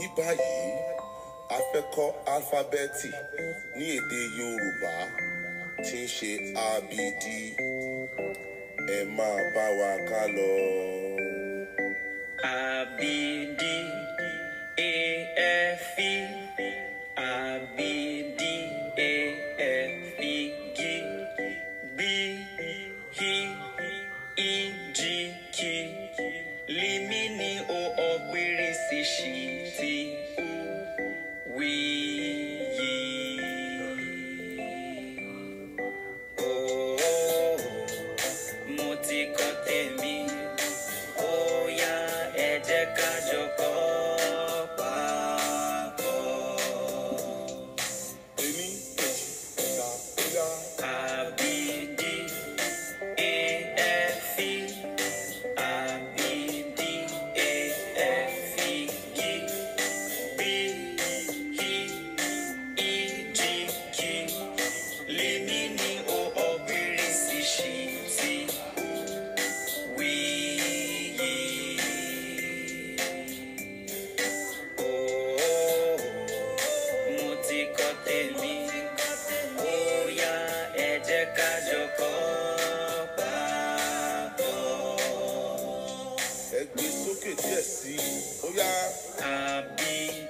ní báyìí a fẹ́ kọ́ álífábẹ́ẹ̀tì ní èdè Yorùbá tí ń ṣe abd ẹ máa bá wa ká lọ. abd afe abd afe gi gbi hi ijiki limini o ọgbẹrẹ si ṣi. Jack Look at Jesse. Oh, yeah. I'll be.